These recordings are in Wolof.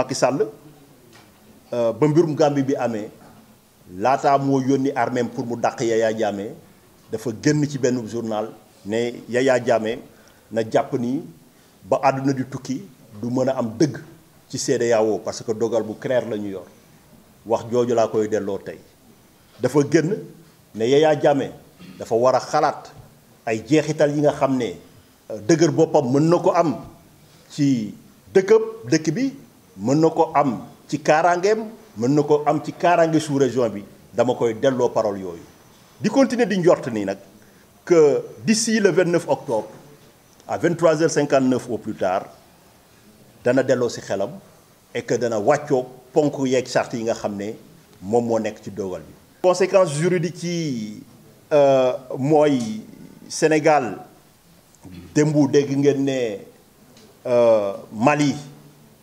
Macky Sall euh, ba mbirum Gambie bi amee laataa moo yónni armée pour mu dàq Yaya Jammeh dafa génn ci benn journal ne Yaya Jammeh na jàpp ni ba àdduna di tukki du mën a am dëgg ci CEDEAO parce que dogal bu clair la ñu yor wax jooju laa koy delloo tey dafa génn ne Yaya Jammeh dafa war a xalaat ay jeexital yi nga xam ne euh, dëgër boppam mën na ko am ci dëkkab dëkk bi mën am ci karangem mën am ci kaaraange sous région bi dama koy delloo parole yoyu di continuer di njort ni nak que d'ici le 29 octobre à 23h59 au plus tard dana delloo ci xelam et que dana waccio ponku yeeg charte yi nga xam mom mo nek ci dogal bi conséquences juridiques yi euh, moy Sénégal démbu dégg ngeen euh Mali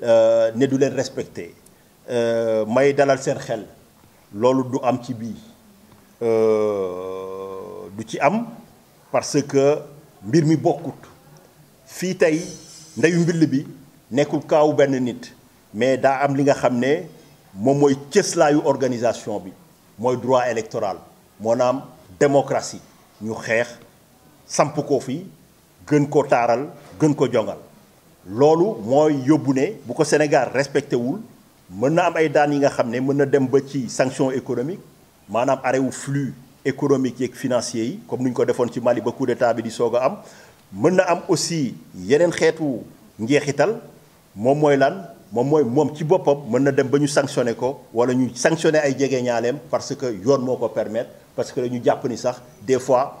Euh, ne du respecter respecté euh, may dalal sen xel lolou du am ci bii euh, du ci am parce que mbir mi bokkut fi tay ndeyu mbir bi nekul kaw ben nit mais dans am li nga xamné mom moy organisation bi moy droit électoral âme démocratie ñu xex samp ko fi gën ko taral gën ko jongal c'est moy yóbbu bu ko Sénégal respecté wul mën na am ay daan yi nga xamné dem ba flux économique et financier comme nous ko defoon ci Mali ba coup d'état bi di am aussi des xeetu qui mom moy lan mom moy mom ci bopam mën dem ba ko wala ñu ay parce que permettre parce que japp ni des fois